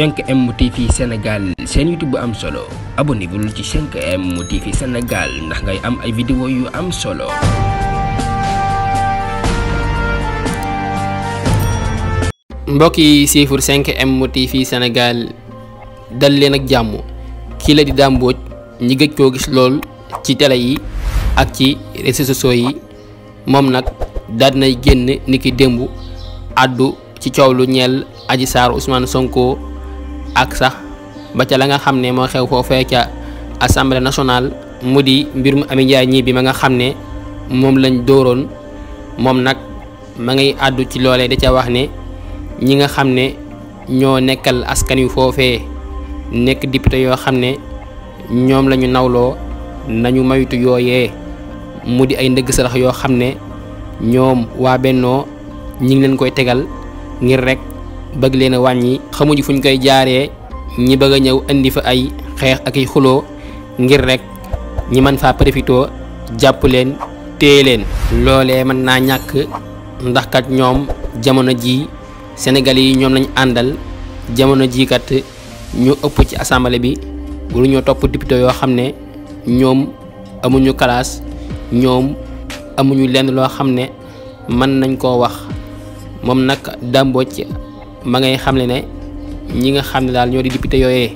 5M TV Sénégal seen YouTube bu am solo abonné bul ci 5M TV Sénégal ndax ngay am ay vidéo yu am solo. mbokk yi siifur 5M TV Sénégal dal leen ak jàmm kii la di Dame Mbodj ñi gëj koo gis lool ci télé yi ak ci réseaux sociaux yi moom nag daal dinay génn niki démb àddu ci coow lu ñeel Adji Sarr Ousmane Sonko. ak sax ba ca la nga xam ne moo xew foofee ca assemblée nationale mu di mbirum Amy Ndiaye ñii bi ma nga xam ne moom lañ dóoroon moom nag ma ngay àddu ci loolee da ca wax ne ñi nga xam ne ñoo nekkal askan wi foofee nekk député yoo xam ne ñoom la ñu nawloo nañu maytu yooyee mu di ay ndëgg sarax yoo xam ne ñoom waa bennoo ñi ngi leen koy tegal ngir rek bëgg leen a wàññi xamuñu fuñ koy jaaree ñi bëgg a ñëw indi fa ay xeex ak ay xuloo ngir rek ñi mën faa profitoo jàpp leen téye leen. loolee mën naa ñàkk ndax ñoom jamono ji Sénégalais yi ñoom lañ àndal jamono jii kat ñu ëpp ci assemblée bi bu ñoo topp député yoo xam ne ñoom amuñu kalaas ñoom amuñu leen loo xam ne mën nañ koo wax moom nag dàmboo ci ma ngay xam ne ne ñi nga xam ne daal ñoo di député yooyee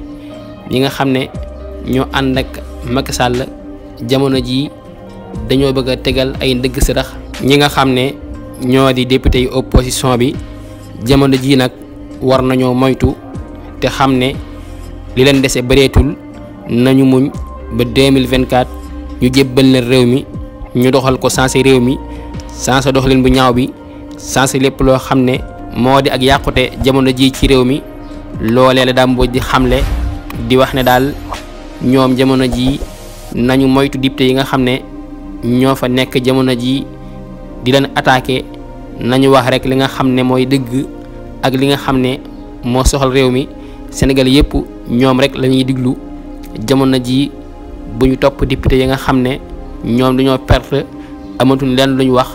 ñi nga xam ne ñoo ànd ak Macky jamono jii dañoo bëgg a tegal ay ndëgg sërëx ñi nga xam ne ñoo di député yi opposition bi jamono jii nag war nañoo moytu te xam ne li leen dese bëreetul nañu muñ ba 2024 ñu jébbal leen réew mi ñu doxal ko sensé réew mi sensé doxalin bu ñaaw bi sensé lépp loo xam ne moo di ak yàqute jamono ji ci réew mi loolee la daam boo di xamle di wax ne daal ñoom jamono ji nañu moytu député yi nga xam ne ñoo fa nekk jamono ji di leen attaqué nañu wax rek li nga xam ne mooy dëgg ak li nga xam ne moo soxal réew mi Sénégal yépp ñoom rek la ñuy diglu jamono ji bu ñu topp député yi nga xam ne ñoom dañoo perte amatuñ leen lu wax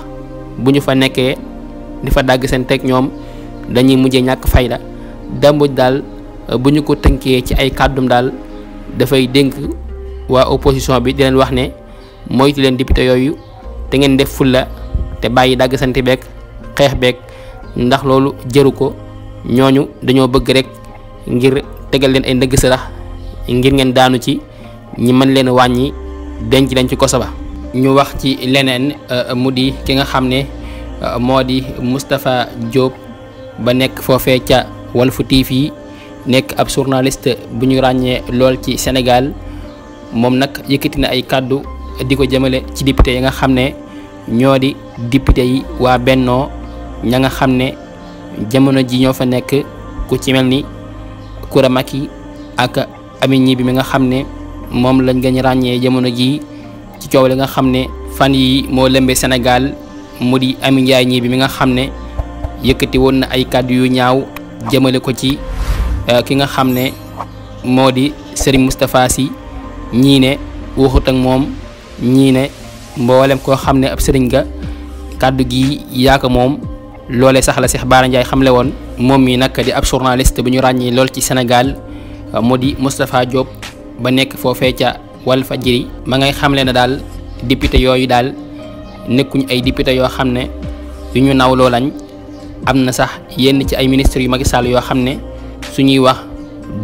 bu ñu fa nekkee di fa dàgg seen teg ñoom dañuy mujjee ñàkk fayda dàmbuj daal euh, bu ñu ko tënkee ci ay kàddum daal dafay dénk waa opposition bi di leen wax ne moytu leen député yooyu te ngeen def fulla te bàyyi dagg sant beeg xeex beeg ndax loolu jëru ko ñooñu dañoo bëgg rek ngir tegal leen ay ndëgg sarax ngir ngeen daanu ci ñi mën leen wàññi denc leen ci kosoba ñu wax ci leneen euh, mu di ki nga xam ne euh, moo di Moustapha Diop ba nekk foofee ca Walf TV nekk ab journaliste bu ñu ràññee lool ci Sénégal moom nag yëkkati na ay kàddu di ko jëmale ci député yi nga xam ne ñoo di député yi waa Bennoo ña nga xam ne jamono ji ñoo fa nekk ku ci mel ni Koura Macky ak Amy Gniby mi nga xam ne moom lañ gën ràññee jamono jii ci coow li nga xam ne fan yi moo lëmbee Sénégal mu di Amy Ndiaye Gniby mi nga xam ne yëkkati woon na ay kàddu yu ñaaw jëmale ko ci euh, ki nga xam ne moo di Serigne Moustapha si ñii ne waxut ak moom ñii ne mboolem koo xam ne ab sëriñ ga kàddu gi yaaka moom loole sax la Cheikh Bara Ndiaye xamle woon moom mi nag di ab journaliste bu ñu ràññee lool ci senegal euh, moo di Moustapha Diop ba nekk foofee ca Walfadjri ma ngay xamle na daal député yooyu daal nekkuñu ay député yoo xam ne yu ñu nawloo lañ am na sax yenn ci ay ministres yu Macky Sall yoo xam ne su ñuy wax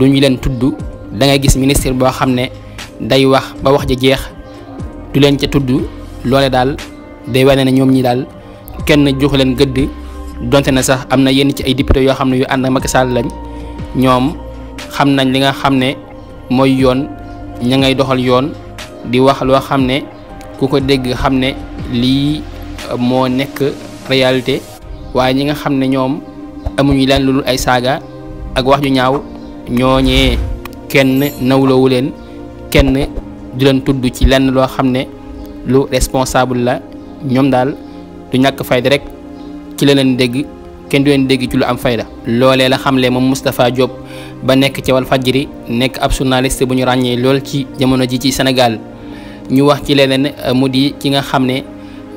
duñu leen tudd dangay gis ministre boo xam ne day wax ba wax ja jeex du leen ca tudd loole daal day wane ne ñoom ñi daal kenn joxu leen gëdd donte na sax am na yenn ci ay député yoo xam ne yu ànd ak Macky Sall lañ ñoom xam nañ li nga xam ne mooy yoon ña ngay doxal yoon di wax loo xam ne ku ko dégg xam ne lii moo nekk réalité waaye ñi nga xam ne ñoom amuñu leen lu dul ay saaga ak wax ju ñaaw ñooñee kenn nawloowu leen kenn du leen tudd ci lenn loo xam ne lu responsable la ñoom daal du ñàkk fayda rek ci la leen dégg kenn du leen dégg ci lu am fayda loole la xam xamle moom Moustapha Diop ba nekk ci wal fajri nekk ab journaliste bu ñu ràññee lool ci jamono ji ci senegal ñu wax ci leneen mu di ki nga xam ne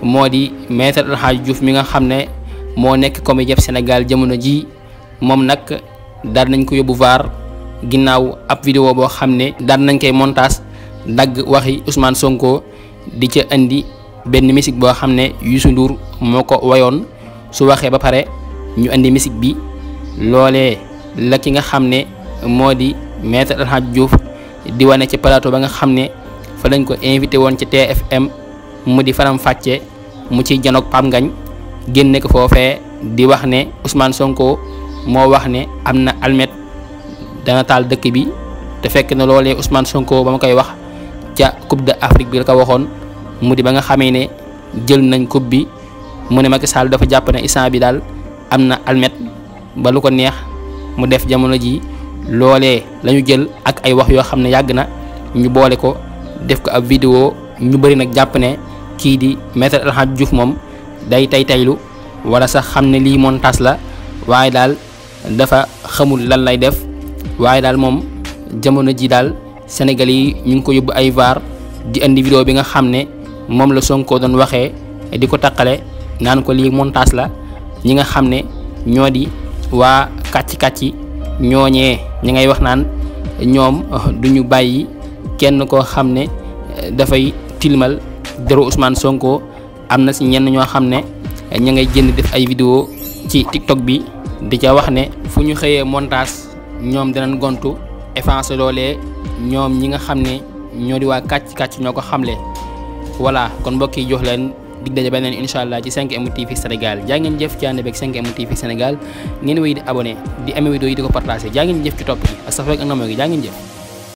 moo di maître El Hadji mi nga xam ne moo nekk comme comédien Sénégal jamono ji moom nag daal nañ ko yóbbu vaar ginnaaw ab vidéo boo xam ne daal nañ koy montage dagg waxi Ousmane Sonko di ci indi benn musique boo xam ne Youssou Ndour moo ko wayoon su waxee ba pare ñu indi musique bi loolee la ki nga xam ne moo di maître El Hadj di wane ci plateau ba nga xam ne fa lañ ko invité woon ci TFM mu di faram fàcce mu ciy janoog Pape Ngagne génne ko foofee di wax ne usmaan Sonko moo wax ne am na almet dana taal dëkk bi te fekk na loolee Ousmane Sonko ba ma koy wax ca Coupe d'Afrique bi la ko waxoon mu di ba nga xamee ne jël nañ coupe bi mu ne Macky Sall dafa jàpp ne instant bi daal am na almet ba lu ko neex mu def jamono ji loole lañu jël ak ay wax yoo xam ne yàgg na ñu boole ko def ko ab vidéo ñu bëri nag jàpp ne kii di maître El Hadj moom day tay taylu wala sax xam ne lii montage la waaye daal dafa xamul lan lay def waaye daal moom jamono ji daal Sénégal yi ñu ngi ko yóbbu ay vaar di indi bi nga xam ne moom la Sonko doon waxee di ko taqale naan ko lii montage la ñi nga xam ne ñoo di waa kàcc-kàcc ñooñee ñi ngay wax naan ñoom duñu bàyyi kenn koo xam ne dafay tilimal deru Ousmane Sonko am na si ñenn ñoo xam ne ña ngay jënd def ay vidéo ci TikTok bi di ca wax ne fu ñu xëyee montage ñoom dinañ gontu effacé loolee ñoom ñi nga xam ne ñoo di waa kàcc kàcc ñoo ko xam xamle voilà kon mbokk yi jox leen dig daje beneen incha allah ci 5M TV Sénégal jaa ngeen jëf ci ànd beeg 5M TV Sénégal ngeen wéy di abonné di amee vidéo yi di ko partagé jaa ngeen jëf ci topp gi ak sax rek ak namoo gi jaa ngeen jëf.